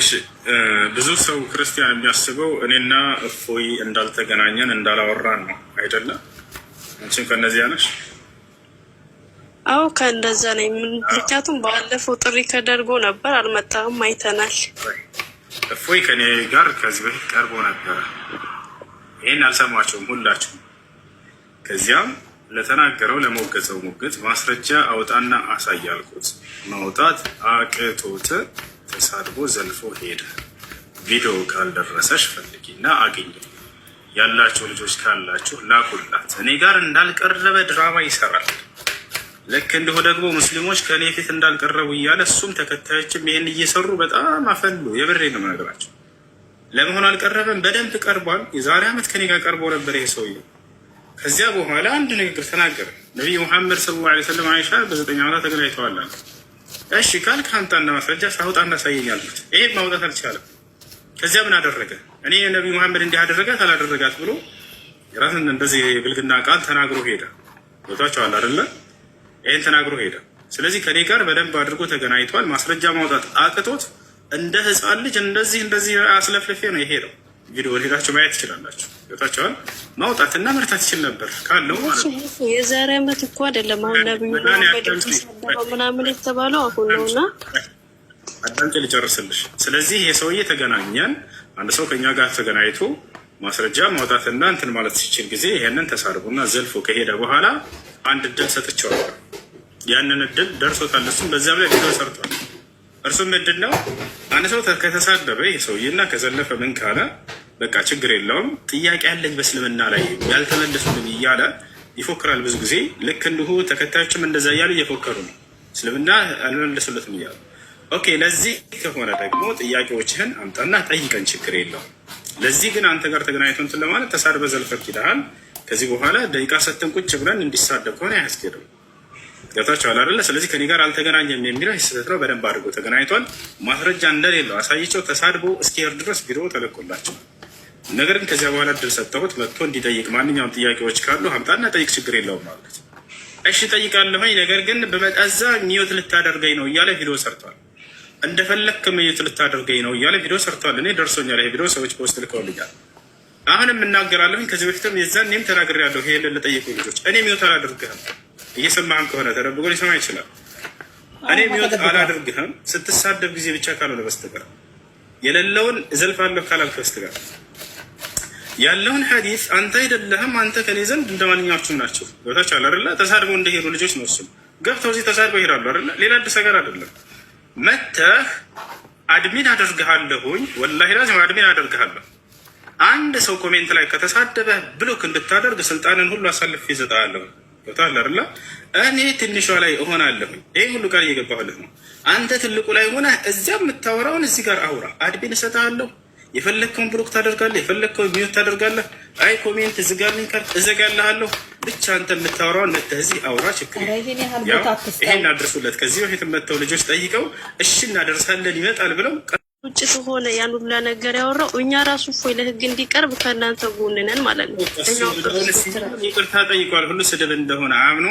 እሺ ብዙ ሰው ክርስቲያን የሚያስበው እኔና እፎይ እንዳልተገናኘን እንዳላወራን ነው አይደለም? አንቺም ከነዚያ ነሽ? አዎ ከእንደዛ ነው። ምክንያቱም ባለፈው ጥሪ ተደርጎ ነበር፣ አልመጣም፣ አይተናል። እፎይ ከኔ ጋር ከዚህ በፊት ቀርቦ ነበረ። ይህን አልሰማቸውም ሁላችሁ ከዚያም ለተናገረው ለሞገጸው ሞገጽ ማስረጃ አውጣና አሳይ ማውጣት አቅቶት ሰድቦ ዘልፎ ሄደ። ቪዲዮ ካልደረሰሽ ፈልጊና አግኝ። ያላችሁ ልጆች ካላችሁ ላኩላት። እኔ ጋር እንዳልቀረበ ድራማ ይሰራል። ልክ እንዲሁ ደግሞ ሙስሊሞች ከእኔ ፊት እንዳልቀረቡ እያለ እሱም ተከታዮችም ይህን እየሰሩ በጣም አፈሉ። የብሬ ነው ነገራቸው። ለመሆን አልቀረበም፣ በደንብ ቀርቧል። የዛሬ ዓመት ከኔ ጋር ቀርቦ ነበር ይሄ ሰውዬ። ከዚያ በኋላ አንድ ንግግር ተናገረ። ነቢይ ሙሐመድ ሰለላሁ ዐለይሂ ወሰለም አይሻ በዘጠኝ ዓመታት ተገናኝተዋል። እሺ ካልክ አምጣና ማስረጃ አውጣና ሳየኝ አልኩት። ይሄ ማውጣት አልቻለም። ከዚያ ምን አደረገ? እኔ ነቢይ መሐመድ እንዲህ አደረጋት አላደረጋት ብሎ ራስን እንደዚህ ብልግና ቃል ተናግሮ ሄደ። ቦታቸዋል አደለ? ይህን ተናግሮ ሄደ። ስለዚህ ከኔ ጋር በደንብ አድርጎ ተገናኝቷል። ማስረጃ ማውጣት አቅቶት እንደ ህፃን ልጅ እንደዚህ እንደዚህ አስለፍልፌ ነው የሄደው። ቪዲዮ ሄዳችሁ ማየት ትችላላችሁ። ታቸዋል ማውጣትና መርታት ይችል ነበር ካለው ማለት ነው። የዛሬ ዓመት እኮ አይደለም አሁን ምናምን የተባለው አሁን ነው። አዳምጪ ልጨርስልሽ። ስለዚህ የሰውዬ ተገናኘን፣ አንድ ሰው ከኛ ጋር ተገናኝቶ ማስረጃ ማውጣትና እንትን ማለት ሲችል ጊዜ ይህንን ተሳርቡና ዘልፎ ከሄደ በኋላ አንድ እድል ሰጥቼዋለሁ። ያንን እድል ደርሶታል። እሱም በዚያም ላይ ቪዲዮ ሰርቷል። እርሱም ምንድን ነው አንድ ሰው ከተሳደበ ይህ ሰውዬና ከዘለፈ ምን ካለ በቃ ችግር የለውም ጥያቄ ያለኝ በእስልምና ላይ ያልተመለሱልን እያለ ይፎክራል። ብዙ ጊዜ ልክ እንዲሁ ተከታዮችም እንደዛ እያሉ እየፎከሩ ነው፣ እስልምና አልመለሱለትም እያሉ። ኦኬ ለዚህ ከሆነ ደግሞ ጥያቄዎችህን አምጣና ጠይቀን፣ ችግር የለውም። ለዚህ ግን አንተ ጋር ተገናኝቶ እንትን ለማለት ተሳድበ ዘልፈር ይልሃል። ከዚህ በኋላ ደቂቃ ሰተን ቁጭ ብለን እንዲሳደብ ከሆነ አያስኬድም። ገብታችኋል አይደለ? ስለዚህ ከኔ ጋር አልተገናኘም የሚለው ስህተት ነው። በደንብ አድርጎ ተገናኝቷል። ማስረጃ እንደሌለው አሳይቸው። ተሳድቦ እስኪሄድ ድረስ ቪዲዮ ተለቆላቸዋል። ነገር ግን ከዚያ በኋላ ድር ሰጠሁት መጥቶ እንዲጠይቅ ማንኛውም ጥያቄዎች ካሉ ሀምጣና ጠይቅ፣ ችግር የለውም ማለት እሺ ጠይቃለሁኝ፣ ነገር ግን በመጣዛ ሚዮት ልታደርገኝ ነው እያለ ቪዲዮ ሰርቷል። እንደፈለክ ሚዩት ልታደርገኝ ነው እያለ ቪዲዮ ሰርቷል። እኔ ደርሶኛል፣ ይሄ ቪዲዮ ሰዎች በውስጥ ልከውልኛል። አሁንም እናገራለሁኝ። ከዚህ በፊትም የዛን እኔም ያለሁ ይሄ ለጠየቁ ልጆች እኔ ሚዮት አላደርግህም፣ እየሰማህም ከሆነ ተደብቆ ሊሰማ ይችላል። እኔ ሚዮት አላደርግህም ስትሳደብ ጊዜ ብቻ ካልሆነ በስተቀር የሌለውን እዘልፋለሁ ካላልክ በስተቀር ያለውን ሐዲስ አንተ አይደለህም አንተ ከኔ ዘንድ እንደ ማንኛዎቹም ናቸው። ቦታቸው አለ ተሳድበው እንደሄዱ ልጆች ነው። እሱም ገብተው እዚህ ተሳድበው ይሄዳሉ አለ። ሌላ አዲስ ነገር አይደለም። መተህ አድሚን አደርግሃለሁኝ፣ ወላሂ ላዚም አድሚን አደርግሃለሁ። አንድ ሰው ኮሜንት ላይ ከተሳደበ ብሎክ እንድታደርግ ስልጣንን ሁሉ አሳልፍ ይዘጣለሁ። ቦታ አይደለ? እኔ ትንሿ ላይ እሆናለሁኝ። ይህ ሁሉ ቃል እየገባሁልህ ነው። አንተ ትልቁ ላይ ሆነ እዚያ የምታወራውን እዚህ ጋር አውራ። አድሚን እሰጥሃለሁ የፈለግከውን ብሎክ ታደርጋለህ፣ የፈለግከውን ሚዩት ታደርጋለህ። አይ ኮሜንት ዝጋልኝ ካልክ እዘጋልሃለሁ። ብቻ አንተ የምታወራው ነተህ እዚህ አውራ፣ ችግር ይሄን አድርሱለት። ከዚህ በፊት መጥተው ልጆች ጠይቀው እሺ እናደርሳለን ይመጣል ብለው ውጭ ከሆነ ያን ሁላ ነገር ያወራው እኛ ራሱ ፎይ ለህግ እንዲቀርብ ከእናንተ ጎን ማለት ነው። ይቅርታ ጠይቋል ሁሉ ስድብ እንደሆነ አምኖ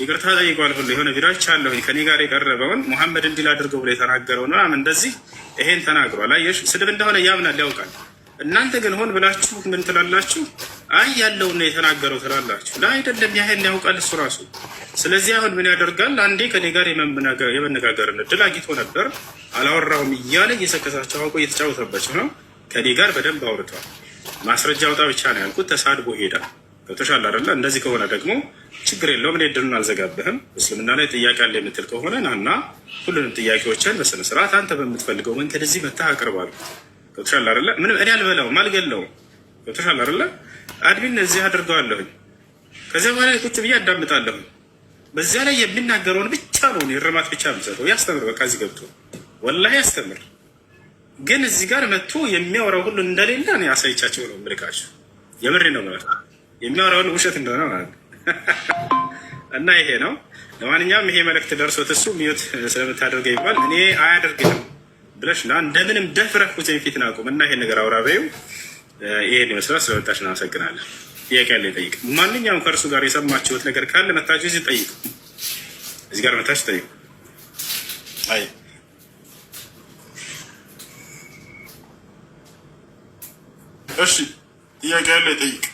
ይቅርታ ጠይቋል ሁሉ የሆነ ቪዲዮ አይቻለሁ። ከኔ ጋር የቀረበውን ሙሐመድ እንዲል አድርገው ብሎ የተናገረው ነው ምናምን እንደዚህ ይሄን ተናግሯል። አየሽ ስድብ እንደሆነ ያምናል ያውቃል። እናንተ ግን ሆን ብላችሁ ምን ትላላችሁ? አይ ያለው ነው የተናገረው ትላላችሁ። ለአይደለም ያህል ያውቃል እሱ ራሱ። ስለዚህ አሁን ምን ያደርጋል? አንዴ ከኔ ጋር የመነጋገርን እድል አግኝቶ ነበር አላወራሁም እያለ እየሰከሳቸው አውቆ እየተጫወተባቸው ነው። ከኔ ጋር በደንብ አውርቷል። ማስረጃ አውጣ ብቻ ነው ያልኩት። ተሳድቦ ሄዳ ገብቶሻል አይደለ? እንደዚህ ከሆነ ደግሞ ችግር የለውም። እኔ ድሩን አልዘጋብህም። እስልምና ላይ ጥያቄ አለ የምትል ከሆነ ናና ሁሉንም ጥያቄዎችን በስነ ስርዓት አንተ በምትፈልገው መንገድ እዚህ መታ አቅርባሉ። ገብቶሻል አይደለ? ምንም እኔ አልበላውም አልገለውም። ገብቶሻል አይደለ? አድሚን እዚህ አድርገዋለሁኝ። ከዚያ በኋላ ቁጭ ብዬ አዳምጣለሁ። በዚያ ላይ የሚናገረውን ብቻ ነው እርማት ብቻ ምሰጠው። ያስተምር፣ በቃ እዚህ ገብቶ ወላሂ ያስተምር። ግን እዚህ ጋር መጥቶ የሚያወራው ሁሉ እንደሌለ ነው ያሳይቻቸው ነው ምልካቸው። የምሬ ነው ማለት የሚያወራው ሁሉ ውሸት እንደሆነ ማለት እና ይሄ ነው። ለማንኛውም ይሄ መልእክት ደርሶት እሱ ሚዩት ስለምታደርገ ይባል እኔ አያደርግም ብለሽ ና እንደምንም ደፍረህ ሁሴን ፊት ናቁም ቁም እና ይሄን ነገር አውራበዩ ይሄን ይመስላል። ስለመጣሽ እናመሰግናለን። ጥያቄ ያለ ይጠይቅ። ማንኛውም ከእርሱ ጋር የሰማችሁት ነገር ካለ መታችሁ እዚህ ጠይቁ። እዚህ ጋር መታችሁ ጠይቁ። አይ እሺ፣ ጥያቄ ያለ ይጠይቅ።